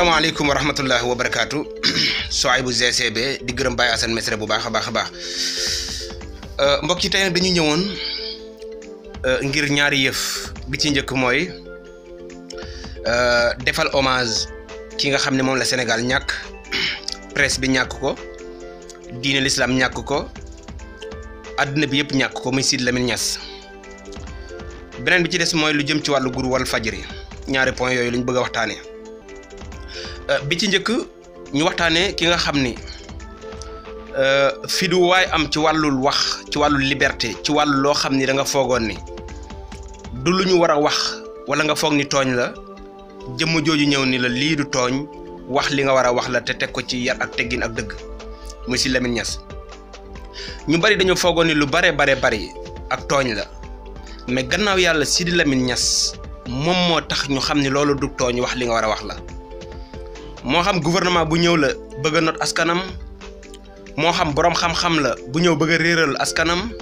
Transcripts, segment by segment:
asalaamaaleykum wa rahmatullahi wa barakaatu bu GCB di gërëm Baye Assane Mesre bu baax a baax a baax euh, mbokk yi tey nag dañu ñëwoon euh, ngir ñaari yëf bi ci njëkk mooy euh, defal hommage ki nga xam ne moom la Sénégal ñàkk presse bi ñàkk ko diine l'islam ñàkk ko adduna bi yëpp ñàkk ko muy Sidy Lamine Niass beneen bi ci des mooy lu jëm ci wàllu guru Walfadjri ñaari point yooyu lañ bëgg a waxtaanee. Euh, bi ci njëkk ñu waxtaanee ki nga xam ni euh, fi du waay am ci wàllul wax ci wàllul liberté ci wàllu loo xam ni danga foogoon ni du lu ñu war a wax wala nga foog ni tooñ la jëmm jooju ñëw ni la lii du tooñ wax li nga war a wax la te teg ko ci yar ak teggin ak dëgg muy si Lamine Niass ñu bari dañu foogoon ni lu bare bare bari ak tooñ la mais gannaaw yàlla Sidi Lamine ñas moom moo tax ñu xam ni loolu du tooñ wax li nga war a wax la moo xam gouvernement bu ñëw la bëgg not askanam moo xam boroom xam-xam la bu ñëw bëgg a réeral askanam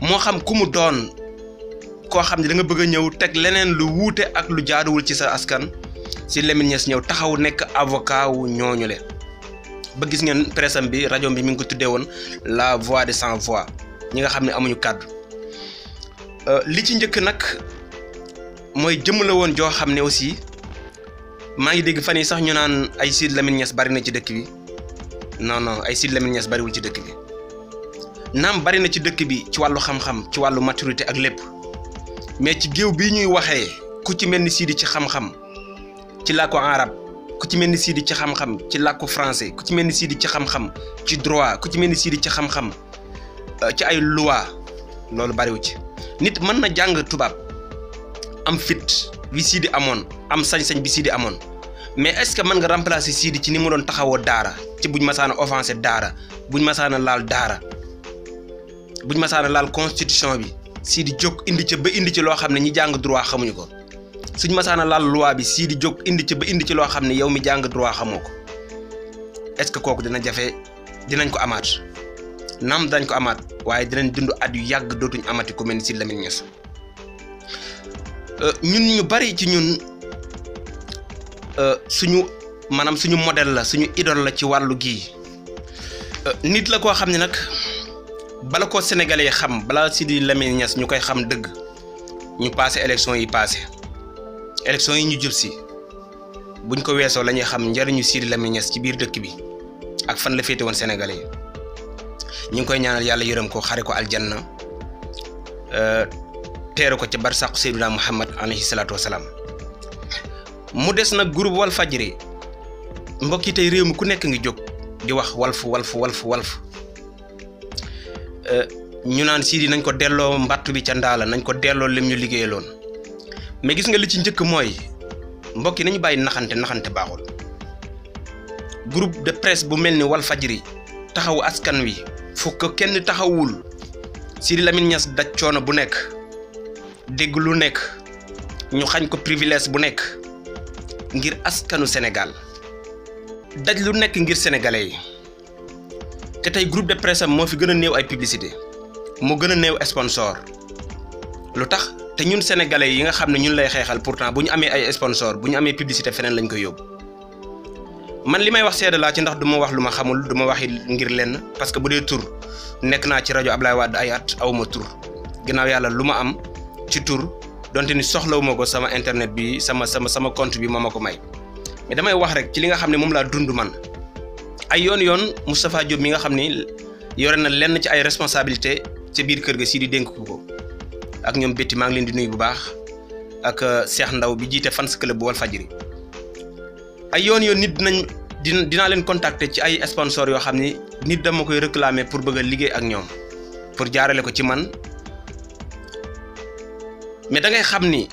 moo xam ku mu doon koo xam ne da nga bëgg ñëw teg leneen lu wuute ak lu jaaduwul ci sa askan si Lamine Niass ñëw taxaw nekk avocat wu ñooñu ba gis ngeen pressam bi rajo bi mi ngi ko tuddee woon la voix de sant voix ñi nga xam ne amuñu kàddu euh, li ci njëkk nag mooy jëm la woon joo xam ne aussi. maa ngi dégg fan yi sax ñu naan ay Sidy Lamine Niass bari na ci dëkk bi non ay Sidy Lamine Niass bariwul ci dëkk bi naam bari na ci dëkk bi ci wàllu xam-xam ci wàllu maturité ak lépp mais ci géew bi ñuy waxee ku ci mel ni Sidy ci xam-xam ci làkku arab ku ci mel ni Sidy ci xam-xam ci làkku français ku ci mel ni Sidy ci xam-xam ci droit ku ci mel ni Sidy ci xam-xam euh, ci ay loi loolu bariwu ci nit mën na jàng tubaab am fit gi Sidi amoon am sañ-sañ bi Sidi amoon mais est-ce que mën nga remplacer siidi ci ni mu doon taxawoo daara ci buñ masaana offensé daara buñ masaana laal daara buñ masaana laal constitution bi Sidi jóg indi ca ba indi ci loo xam ne ñi jàng droit xamuñu ko suñ masaana laal loi bi Sidi jóg indi ci ba indi ci loo xam ne yow mi jàng droit xamoo ko est-ce que kooku dina jafe dinañ ko amaat naam dañ ko amaat waaye dinañ dund at yu yàgg dootuñ amati ku mel ni Sidy Euh, ñun ñu bari ci ñun euh, suñu maanaam suñu modèle la suñu idole la ci wàllu gii euh, nit la koo xam ne nag bala ko sénégalais yi xam bala Sidi Lamine ñas ñu koy xam dëgg ñu passé élection yi passé élection yi ñu jub si buñ ko weesoo lañuy xam njariñu Sidi Lamine Niass ci biir dëkk bi ak fan la féete woon sénégalais yi ñu ngi koy ñaanal yàlla yërëm ko xare ko aljanna teeru ko ca barsàqu seyduna muhammad alayhi salaatu wasalaam mu des nag groupe wal fajri mbokk yi tey réew mi ku nekk ngi jóg di wax walf walf walf walf euh, ñu naan siidi nañ ko delloo mbattu bi ca ndaala nañ ko delloo lim ñu liggéeyaloon mais gis nga li ci njëkk mooy mbokki nañu bàyyi naxante naxante baaxul groupe de presse bu mel ni wal fajri taxawu askan wi fu kenn taxawul Sidi Lamine Niass daj coono bu nekk dégg lu nekk ñu xañ ko privilège bu nekk ngir askanu senegal daj lu nekk ngir sénégalais yi te tey groupe de presse moo fi gën a néew ay publicité moo gën a néew sponsor lu tax te ñun sénégalais yi nga xam ne ñun lay xeexal pourtant bu ñu amee ay sponsor bu ñu amee publicité feneen lañ ko yóbbu man li may wax seede laa ci ndax du ma wax lu ma xamul du ma waxi ngir lenn parce que bu dee tur nekk naa ci rajo Ablaye Wade ay at awma tur ginnaaw yàlla lu ma am ci tur donte ni soxlawuma ko sama internet bi sama sama sama compte bi moo ma ko may mais damay wax rek ci li nga xam ne moom laa dund man ay yoon yoon Moustapha Diop mi nga xam ne yore na lenn ci ay responsabilité ci biir kër gi si di dénk ko ak ñoom bétti maa ngi leen di nuy bu baax ak euh, Cheikh Ndaw bi jiite fans club bu Walfadjri ay yoon yoon nit dinañ dina dinaa leen contacter ci ay sponsor yoo xam ni nit dama koy réclamer pour bëgg liggéey ak ñoom pour jaarale ko ci man mais da ngay xam ni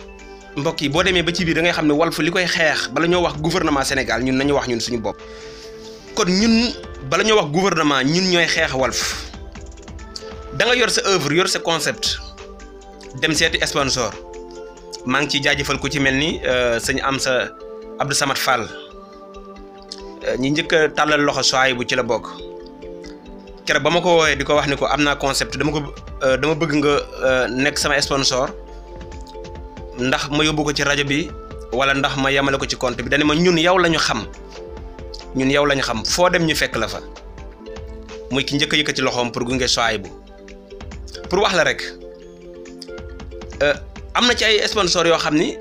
mbokk yi boo demee ba ci biir da ngay xam ne fu li koy xeex bala ñoo wax gouvernement Sénégal ñun nañu wax ñun suñu bopp kon ñun bala ñoo wax gouvernement ñun ñooy xeex Walf da nga yor sa œuvre yor sa concept dem seeti sponsor maa ngi ciy jaajëfal ko ci mel ni euh, sañ am sa Abdou Samad Fall euh, ñu njëkk a tàllal loxo soaay bu ci la bokk keroog ba ma ko woowee di ko wax ni ko am naa concept dama ko euh, dama bëgg nga nekk sama sponsor ndax ma yóbbu ko ci rajo bi wala ndax ma yemale ko ci compte bi dañu ma ñun yow la ñu xam ñun yow la ñu xam foo dem ñu fekk la fa muy ki njëkk a ci loxoom pour gunge bu pour wax la rek euh, am na ci ay sponsor yoo xam ni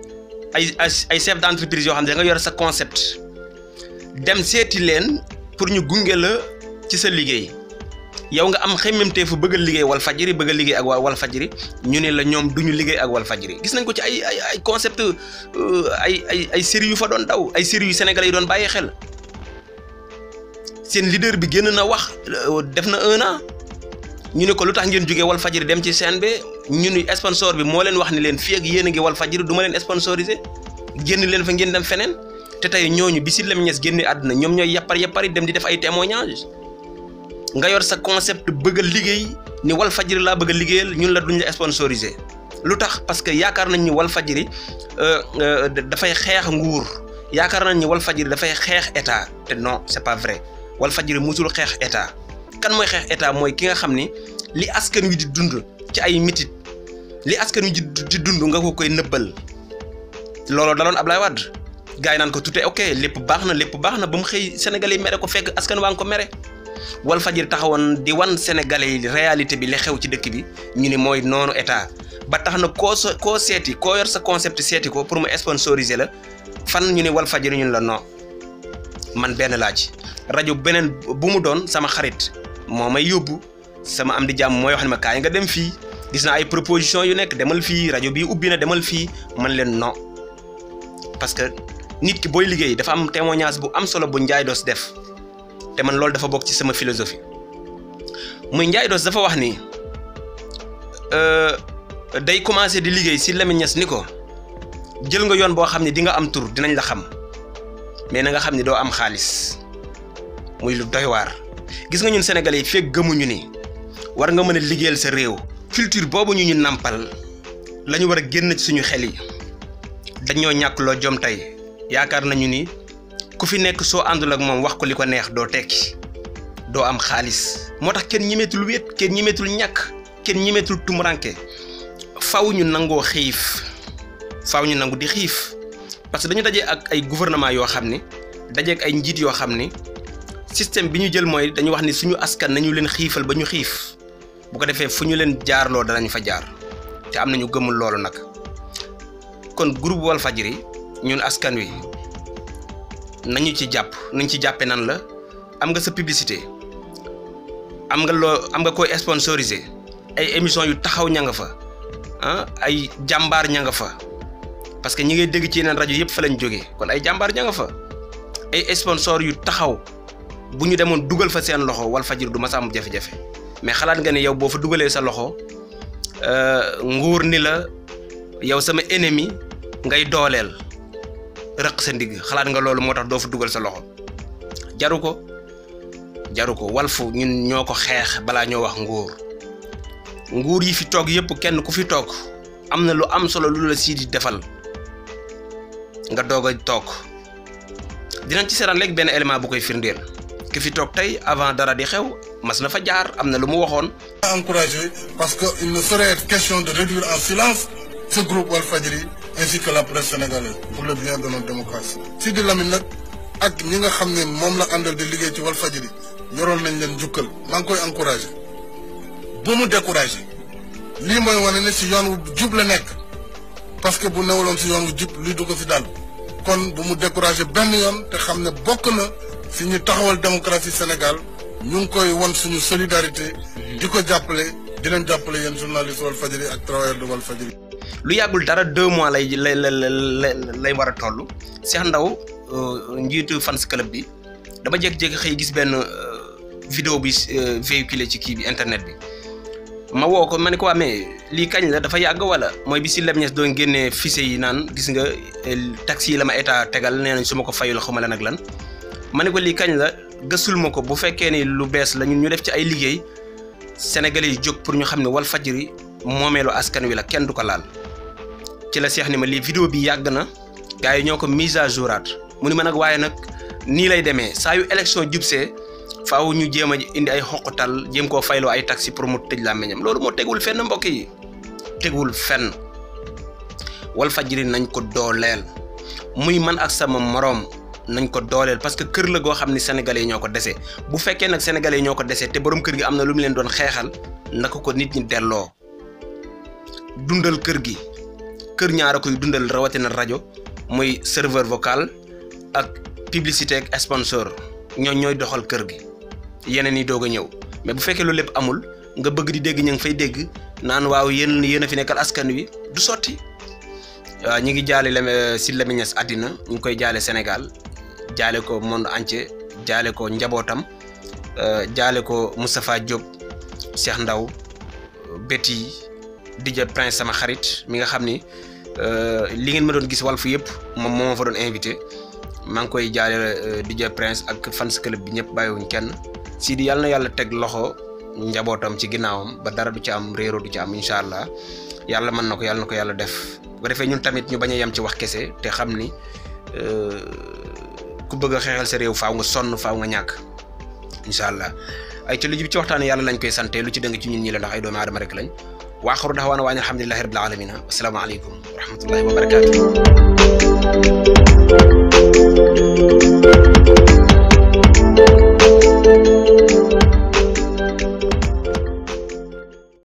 ay ay chef d'entreprise yoo xam ne da nga yor sa concept dem seeti leen pour ñu gunge la ci sa liggéey. yow nga am xemmemtee fu bëgg liggéey wal fajiri bëgg a liggéey ak wal fajiri ñu ne la ñoom du ñu liggéey ak wal fajiri gis nañ ko ci ay ay ay concept euh, ay ay ay série yu fa doon daw ay série yu sénégalais yi doon bàyyi xel seen leader bi génn na wax euh, def na un an ñu ne ko lu tax ngeen jógee wal fajiri dem ci seen bi ñu ni sponsor bi moo leen wax ni leen fii ak yéen a ngi wal fajiri du ma leen sponsorisé génn leen fa ngeen dem feneen te tey ñooñu bi si lem ñes génne àdduna ñoom ñooy yappar yappari dem di def ay témoignages nga yor sa concept bëgg liggéey ni wal fajiri laa bëgg a ñun la duñ la sponsorisé lu tax parce que yaakaar nañ ni wal fajiri euh, euh, dafay xeex nguur yaakaar nañ ni wal fajiri dafay xeex état te non c'est pas vrai wal fajiri musul xeex état kan mooy xeex état mooy ki nga xam ni li askan wi di dund ci ay mitit li askan wi di dund nga ko koy nëbbal looloo daloon Ablaye Wade gars yi naan ko tout est ok lépp baax na lépp baax na ba mu xëy Sénégal yi mere ko fekk askan waa ngi ko mere. wal fajir taxawoon di wan sénégalais yi réalité bi li xew ci dëkk bi ñu ni mooy noonu état ba tax na ko sa koo seeti koo yor sa concept seeti ko pour mu sponsoriser la fan ñu ni wal fajir ñun la no man benn laaj rajo beneen bu mu doon sama xarit moo may yóbbu sama am di jàmm mooy wax ne ma kaay nga dem fii gis naa ay proposition yu nekk demal fii rajo bi ubbi na demal fii man leen non parce que nit ki booy liggéey dafa am témoignage bu am solo bu Ndiaye Doss def te man loolu dafa bokk ci sama philosophie muy Ndiaye Doss dafa wax ni euh, day commencé di liggéey si Lamine ni ko jël nga yoon boo xam ne di nga am tur dinañ la xam mais na nga xam ne doo am xaalis muy lu doy gis nga ñun sénégalais yi gëmuñu ni war nga mën a liggéeyal sa réew. culture boobu ñu ñu nàmpal la ñu war a génn suñu xel yi dañoo ñàkk loo jom tey yaakaar nañu ni. ku fi nekk soo àndul ak moom wax ko li ko neex doo tekki doo am xaalis moo tax kenn ñemeetul wéet kenn ñemeetul ñàkk kenn ñemeetul tumuranke faw ñu nangoo xiif faw ñu nangu di xiif parce que dañu daje ak ay gouvernement yoo xam ni daje ak ay njiit yoo xam ni système bi ñu jël mooy dañu wax ni suñu askan nañu leen xiifal ba ñu xiif bu ko defee fu ñu leen jaarloo danañu fa jaar te am nañu gëmul loolu nag kon groupe Walfadjri ñun askan wi nañu ci jàpp nuñ ci jàppee nan la am nga sa publicité am nga loo am nga koy sponsorisé ay émission yu taxaw ña nga fa ah ay jàmbaar ña nga fa parce que ñi ngay dégg ci yeneen rajo yëpp fa lañ jógee kon ay jàmbaar ña fa ay sponsor yu taxaw bu ñu demoon dugal fa seen loxo wal fajir du ma sa am jafe-jafe mais xalaat nga ne yow boo fa dugalee sa loxo euh, nguur ni la yow sama ennemi ngay dooleel. rëq sa ndigg xalaat nga loolu moo tax doo fa dugal sa loxo jaru ko jaru ko walfu ñun ñoo ko xeex balaa ñoo wax nguur nguur yi fi toog yëpp kenn ku fi toog am na lu am solo lu la di defal nga doog a toog dinañ ci seetaan léegi benn élément bu koy firndeel ki fi toog tey avant dara di xew mas na fa jaar am na lu mu waxoon. encouragé parce que il ne question de réduire en silence ce groupe Walfadjri ainsi que la presse sénégalaise pour le bien de notre démocratie. Sidi Lamine nag ak ñi nga xam ne moom la àndal di liggéey ci Walfadjri yoroon nañ leen jukkal maa ngi koy encouragé bu mu découragé lii mooy wane ne si yoon wu jub nekk parce que bu newaloon si yoon wu jub lii dugg si daal kon bu mu découragé benn yoon te xam ne bokk na si ñu taxawal démocratie Sénégal ñu ngi koy won suñu solidarité di ko jàppale di leen jàppale yéen journaliste Walfadjri ak travailleur de Walfadjri lu yàggul dara deux mois lay lay lay war a toll Cheikh Ndao euh, njiitu fans club bi dama jékki-jékki xëy gis benn euh, vidéo bi euh, véhiculé ci kii bi internet bi ma woo ko ma ne ko amee ah, lii kañ la dafa yàgg wala mooy bi si lemñes doon génnee fise yi naan gis nga taxi yi la ma état tegal nee nañ su ma ko fayul xaw ma lan nag lan ma ne ko lii kañ la gëstul ma ko bu fekkee ni lu bees lañu ñu def ci ay liggéey sénégalais yi jóg pour ñu xam ne Walfadjri moomeelu askan wi la kenn du ko laal ci la seex ma lii vidéo bi yàgg na gars yi ñoo ko mise à jouraat mu ni ma nag waaye nag nii lay demee saa yu élection jubsee faw ñu jéem a indi ay xoqatal jéem koo fayloo ay taxi mu tëj làmmiñam loolu moo tegul fenn mbokk yi tegul fenn wal fajiri nañ ko dooleel muy man ak sama moroom nañ ko dooleel parce que kër la goo xam ni sénégalais yi ñoo ko desee bu fekkee nag sénégalais yi ñoo ko desee te boroom kër gi am na lu mu leen doon xeexal naka ko nit ñi delloo dundal kër gi kër ñaara koy dundal rawatina rajo muy serveur vocal ak publicité ak sponsor ñooy doxal kër gi yeneen yi doog a ñëw mais bu fekkee loolu lépp amul nga bëgg di dégg ñu ngi fay dégg naan waaw yéen yéen fi nekkal askan wi du sotti waaw ñi ngi jaale la euh, si Lamine àddina ñu koy jaale Sénégal jaale ko monde entier jaale ko njabootam euh, jaale ko Moustapha Diop Cheikh Ndaw Betty DJ Prince sama xarit mi nga xam ni euh, li ngeen ma doon gis Walf yëpp moom moo ma fa doon invité maa ngi koy jaale euh, DJ Prince ak fans club bi ñëpp bàyyiwuñ kenn Sidi yàlla na yàlla teg loxo njabootam ci ginnaawam ba dara du ci am réero du ci am incha allah yàlla mën na ko yàlla na ko yàlla def ba defee ñun tamit ñu bañ a yem ci wax kese te xam ni euh, ku bëgg a xeexal sa réew faaw nga sonn faaw nga ñàkk incha allah ay ca lu jub ci waxtaan yàlla lañ koy sante lu ci dëng ci ñun ñi la ndax ay doomu aadama rek lañ wa aaxiru da'waanaa wa alhamdulillahi rabbil aalamiin assalaamu aleykum wa rahmatullahi wa barakaatu